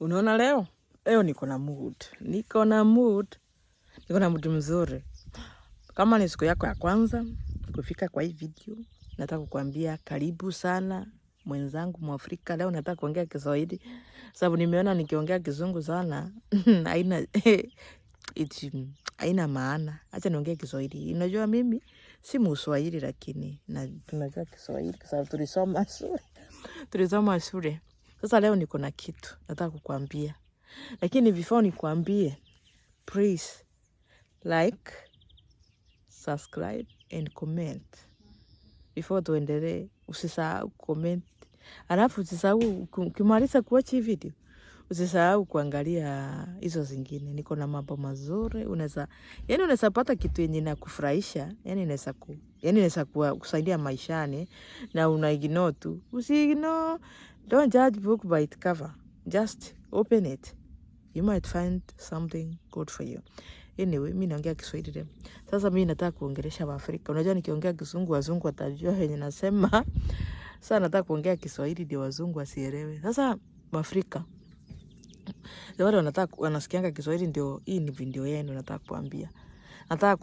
Unaona leo? Leo niko na mood. Niko na mood. Niko na mood mzuri. Kama ni siku yako ya kwanza kufika kwa hii video, nataka kukuambia karibu sana mwenzangu Mwafrika. Leo nataka kuongea Kiswahili sababu nimeona nikiongea kizungu sana haina haina maana. Acha niongee Kiswahili. Unajua mimi si Mswahili, lakini tunajua Kiswahili kwa sababu tulisoma shule tulisoma shule sasa leo niko na kitu nataka kukwambia, lakini before nikwambie, please like, subscribe and comment. Before tuendelee, usisahau comment, alafu usisahau ukimaliza kuacha hii video usisahau kuangalia hizo zingine. Niko na mambo mazuri, unaweza yani, unaweza pata kitu yenye nakufurahisha, yani unaweza ku, yani unaweza kusaidia maishani, na una ignore tu, usi ignore Don't judge book by its cover. Just open it. You might find something good for you. Anyway, mimi naongea Kiswahili leo. Sasa mimi nataka kuongelesha Waafrika. Unajua nikiongea Kizungu wazungu watajua yenye nasema. Sasa nataka kuongea Kiswahili ndio wazungu wasielewe. Sasa Waafrika wale wanataka wanasikianga Kiswahili ndio hii ni video yenu nataka kuambia. Nataka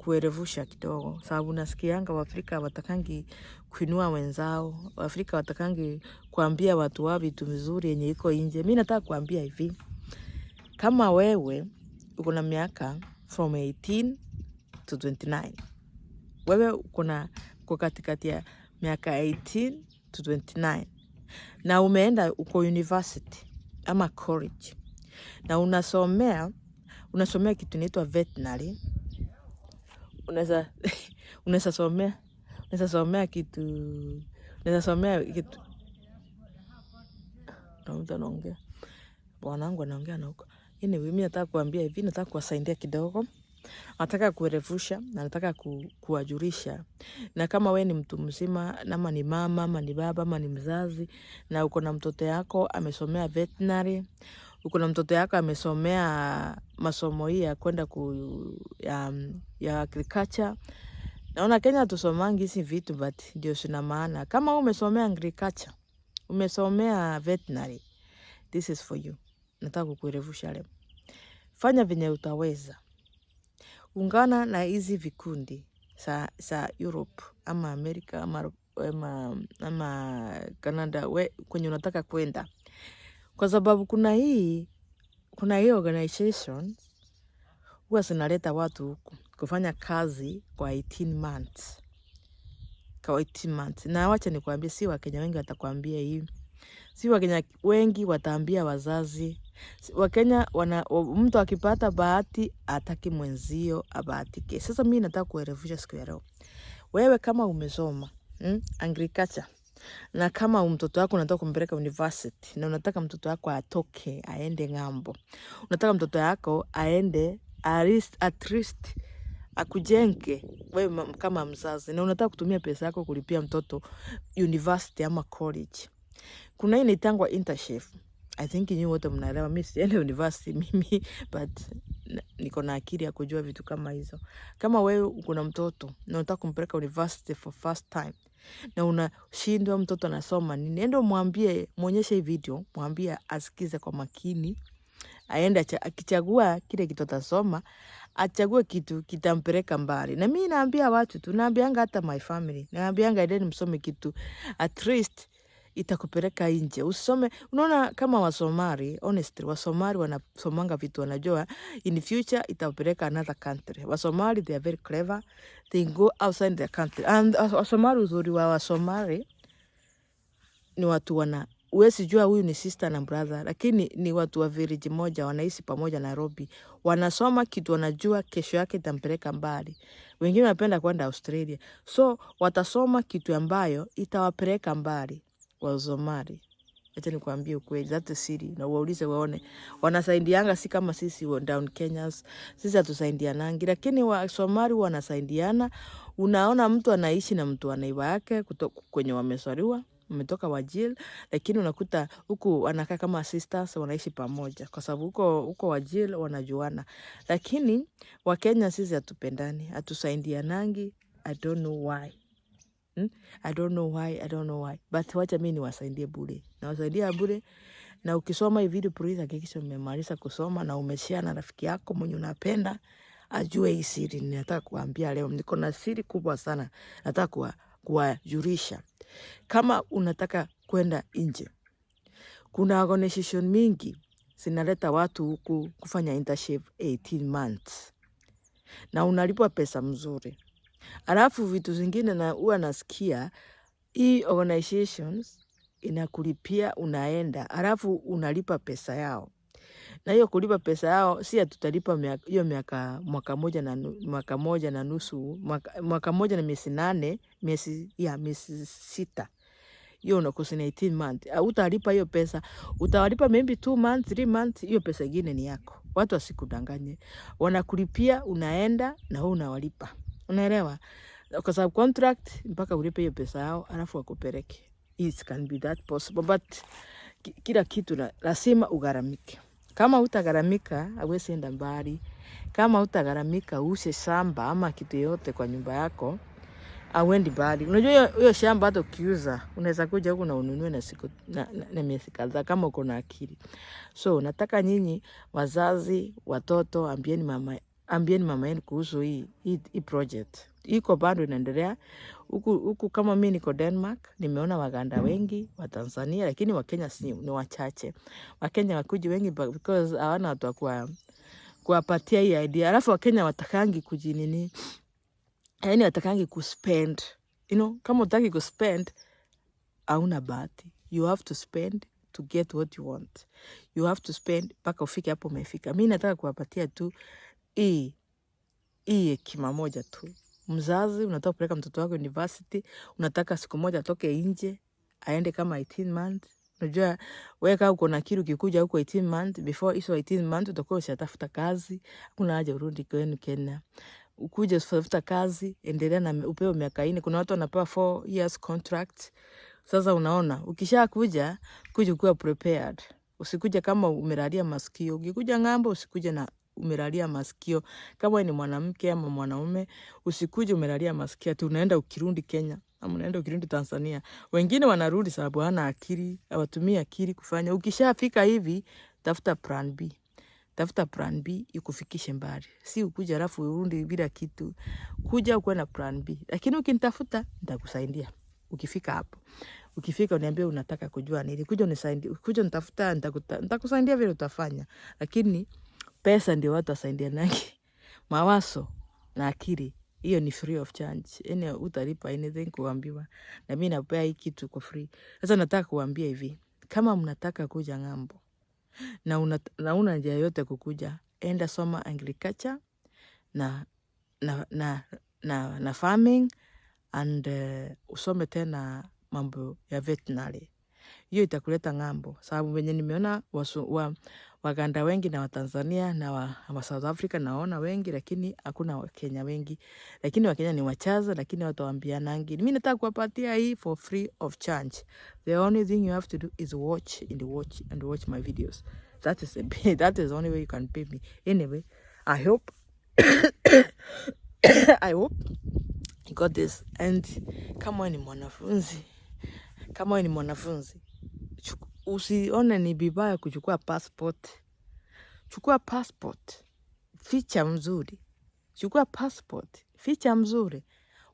kuerevusha kidogo, sababu nasikianga Waafrika watakangi kuinua wenzao, Waafrika watakangi kuambia watu wao vitu vizuri yenye iko nje. Mi nataka kuambia hivi, kama wewe uko na miaka from 18 to 29, wewe uko na uko katikati ya miaka 18 to 29 na umeenda uko university ama college na unasomea unasomea kitu inaitwa veterinary unaweza unaweza somea unaweza somea kitu unaweza somea kitu na mtu anaongea bwanangu anaongea na huko ini mimi nataka kuambia hivi nataka kuwasaidia kidogo nataka kuerefusha na nataka ku, kuwajulisha. Na kama we ni mtu mzima, ama ni mama ama ni baba ama ni mzazi, na uko na mtoto yako amesomea veterinary uko na mtoto yako amesomea masomo hii ya kwenda ku ya, ya agriculture. Naona Kenya tusomangi hizi vitu but ndio sina maana. Kama umesomea agriculture, umesomea veterinary, this is for you. Nataka kukurevusha leo. Fanya venye utaweza. Ungana na hizi vikundi sa, sa Europe ama Amerika ama, ama, ama Canada we, kwenye unataka kwenda kwa sababu kuna hii kuna hii organization huwa zinaleta watu kufanya kazi kwa 18 months kwa 18 months. Na wacha nikwambie, si Wakenya wengi watakwambia hii, si Wakenya wengi wataambia wazazi. Wakenya wana mtu akipata bahati ataki mwenzio abahatike. Sasa mimi nataka kuelewesha siku ya leo, wewe kama umesoma hmm, agriculture na kama mtoto wako unataka kumpeleka university na unataka mtoto wako atoke aende ng'ambo, unataka mtoto wako aende at least, at least akujenge wewe kama mzazi, na unataka kutumia pesa yako kulipia mtoto university ama college, kuna hii inaitangwa internship. I think nyinyi wote mnaelewa, mimi siende university mimi, but niko na akili ya kujua vitu kama hizo. Kama wewe kuna mtoto na unataka kumpeleka university for first time na unashindwa, mtoto anasoma nini, nenda mwambie, mwonyeshe video, mwambie asikize kwa makini, aende akichagua kile kitu atasoma, achague kitu kitampeleka mbali. Na mimi naambia watu tu, naambianga hata my family, naambianga endeni msome kitu at least itakupeleka nje usome. Unaona, kama Wasomari, honestly, Wasomari wanasomanga vitu wanajua, in future itapeleka another country. Wasomari they are very clever, they go outside their country. And Wasomari, uzuri wa Wasomari ni watu wana uwezi jua huyu ni sister na brother, lakini ni watu wa village moja, wanaishi pamoja Nairobi, wanasoma kitu wanajua, kesho yake itampeleka mbali. Wengine wanapenda kwenda Australia, so watasoma kitu ambayo itawapeleka mbali. Wasomali, acha nikwambie ukweli, hata siri na waulize waone, wanasaidianga si kama sisi wa down Kenyans, sisi hatusaidianangi, lakini Wasomali wanasaidiana. Unaona, mtu anaishi na mtu anaiba yake kwenye wameswariwa umetoka wajil, lakini unakuta huku wanakaa kama sisters, wanaishi pamoja kwa sababu huko huko wajil wanajuana, lakini Wakenya sisi hatupendani, hatusaidianangi. I don't know why. Hmm? I don't know why, I don't know why. But wacha mimi niwasaidie bure. Nawasaidia bure. Na ukisoma hii video please hakikisha umemaliza kusoma na umeshare na rafiki yako mwenye unapenda ajue hii siri. Nataka kuambia leo niko na siri kubwa sana. Nataka kuwa, kuwajulisha. Kama unataka kwenda nje. Kuna organization mingi zinaleta watu huku kufanya internship 18 months. Na unalipwa pesa mzuri. Alafu vitu zingine na huwa nasikia hii organizations inakulipia unaenda, alafu unalipa pesa yao, na hiyo kulipa pesa yao si tutalipa hiyo miaka mwaka moja na mwaka moja na nusu mwaka, mwaka moja na miezi nane miezi ya miezi sita hiyo unakosa 18 month. Ah, utalipa hiyo pesa, utawalipa maybe 2 month 3 month, hiyo pesa ingine ni yako. Watu wasikudanganye, wanakulipia unaenda na wewe unawalipa. Unaelewa? Kwa sababu contract mpaka ulipe hiyo pesa yao, alafu akupeleke. It can be that possible, but kila kitu lazima ugaramike. Kama utagaramika hauwezi enda mbali. Kama utagaramika use shamba ama kitu yote kwa nyumba yako, auendi mbali. Unajua hiyo shamba hata ukiuza unaweza kuja huku na ununue na siku na, na, na miezi kadhaa kama uko na akili. So nataka nyinyi wazazi, watoto, ambieni mama ambieni mama yenu kuhusu hii, hii, hii project iko bado inaendelea huku huku. Kama mi niko Denmark, nimeona Waganda mm. wengi wa Tanzania, lakini Wakenya si ni wachache. Wakenya wakuji wengi because hawana watu wa kuwa kuwapatia hii idea, alafu Wakenya watakangi kujinini, yani watakangi kuspend you know, kama utaki kuspend hauna bahati, you have to spend to get what you want, you have to spend mpaka ufike hapo umefika. Mi nataka kuwapatia tu hii hii hekima moja tu. Mzazi unataka kupeleka mtoto wako university, unataka siku moja atoke nje aende kama 18 month. Unajua wewe kama uko na akili, kikuja huko 18 month, before hizo 18 month utakuwa ushatafuta kazi, kuna haja urudi kwenu Kenya. Ukuje usitafuta kazi, endelea na upewe miaka nne. Kuna watu wanapewa 4 years contract. Sasa unaona, ukishakuja kuja kuwa prepared, usikuja kama umelalia masikio. Ukikuja ng'ambo, usikuja na umelalia masikio. Kama ni mwanamke ama mwanaume, usikuje umelalia masikio ati unaenda ukirundi Kenya ama unaenda ukirundi Tanzania. Wengine wanarudi sababu hana akili, hawatumii akili kufanya. Ukishafika hivi, tafuta plan B tafuta plan B ikufikishe mbali, si ukuja alafu urundi bila kitu. Kuja ukuwe na plan B, lakini ukinitafuta nitakusaidia. Ukifika hapo, ukifika uniambie unataka kujua nini, kuja unisaidie, kuja nitafuta, nitakusaidia vile utafanya, lakini Pesa ndio watu wasaidia nake, mawaso na akili hiyo ni free of charge, yani utalipa anything kuambiwa, na mimi napea hii kitu kwa free. Sasa nataka kuambia hivi, kama mnataka kuja ng'ambo na una, na una njia yote kukuja, enda soma agriculture na na na na, na farming and uh, usome tena mambo ya veterinary. Hiyo itakuleta ng'ambo, sababu wenye nimeona wasu, wa, Waganda wengi na Watanzania na wa, wa South Africa naona wengi, lakini hakuna Wakenya wengi, lakini Wakenya ni wachaza, lakini nangi. mimi nataka kuwapatia hii for free of charge. The only thing you have to do is watch and watch and watch my videos. That is a, that is the only way you can pay me. Anyway, I hope I hope you got this and kama wewe ni mwanafunzi kama wewe ni mwanafunzi usione ni vibaya kuchukua passport. Chukua passport, ficha mzuri. Chukua passport, ficha mzuri.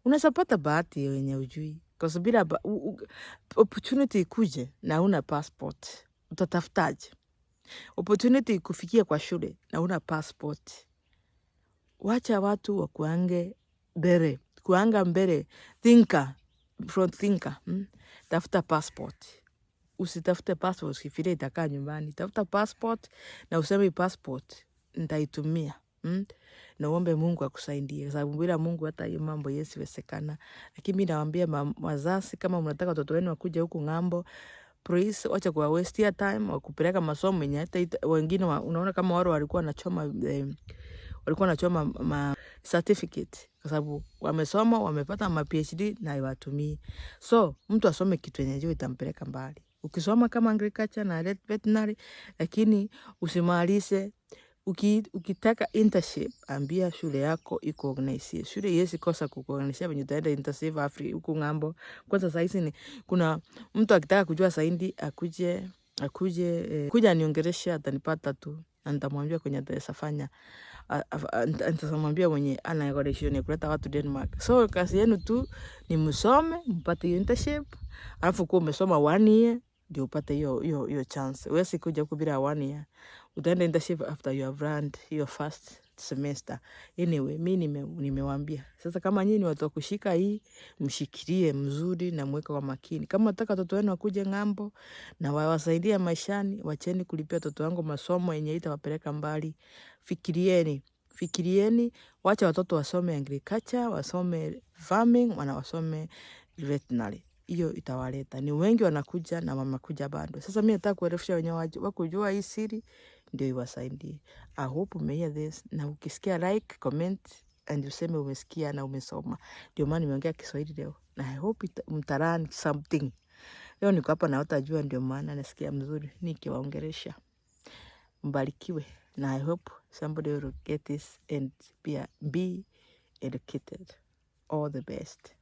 Unaweza pata bahati wenye ujui, kwa sababu bila opportunity ikuje na una passport utatafutaje? Opportunity kufikia kwa shule na una passport. Wacha watu wakuange mbele, kuanga mbele, thinker, front thinker. Hmm? Tafuta passport usitafute passport ukifikia itakaa nyumbani, tafuta passport na useme passport nitaitumia. Mm. Na uombe Mungu akusaidie, sababu bila Mungu hata hiyo mambo yesiwezekana. Lakini mimi nawaambia wazazi, kama mnataka watoto wenu wakuja huku ng'ambo, please wacha kuwa waste time wakupeleka masomo yenye hata wengine wa, unaona kama wale walikuwa wanachoma eh, walikuwa wanachoma ma certificate kwa sababu wamesoma wamepata ma PhD na iwatumii. So mtu asome kitu yenye itampeleka mbali. Ukisoma kama agriculture na veterinary, lakini usimalize. Ukitaka internship, ambia shule yako iko organize. Shule yesi kosa kukuonesha venye utaenda internship Afrika huko ng'ambo. Kwanza saizi ni kuna mtu akitaka kujua saindi akuje akuje eh, kuja niongeleshe atanipata tu nitamwambia kwenye atawezafanya, nitamwambia mwenye ana connection ya kuleta watu Denmark. So kazi yenu tu ni msome mpate internship, alafu kuwa umesoma one year ndio upate hiyo hiyo hiyo chance. Wewe sikuja kubira one year, utaenda internship after you have learned your first semester. Anyway, mi nimewaambia nime, sasa kama nyinyi ni watu wa kushika hii, mshikilie mzuri na mweke kwa makini. Kama nataka watoto wenu wakuje ng'ambo na wawasaidia maishani, wacheni kulipia watoto wangu masomo yenye itawapeleka mbali. Fikirieni fikirieni, wacha watoto wasome agriculture, wasome farming, wana wasome veterinary hiyo itawaleta. Ni wengi wanakuja na wamekuja bado. Sasa mi nataka kuelewesha wenye wakujua hii siri ndio iwasaidie. I hope umehear this, na ukisikia like, comment and useme umesikia na umesoma. Ndio maana nimeongea Kiswahili leo, na I hope mtaran something leo. Niko hapa na watajua, ndio maana nasikia mzuri nikiwaongelesha. Mbarikiwe na I hope somebody will get this and be, be educated. All the best.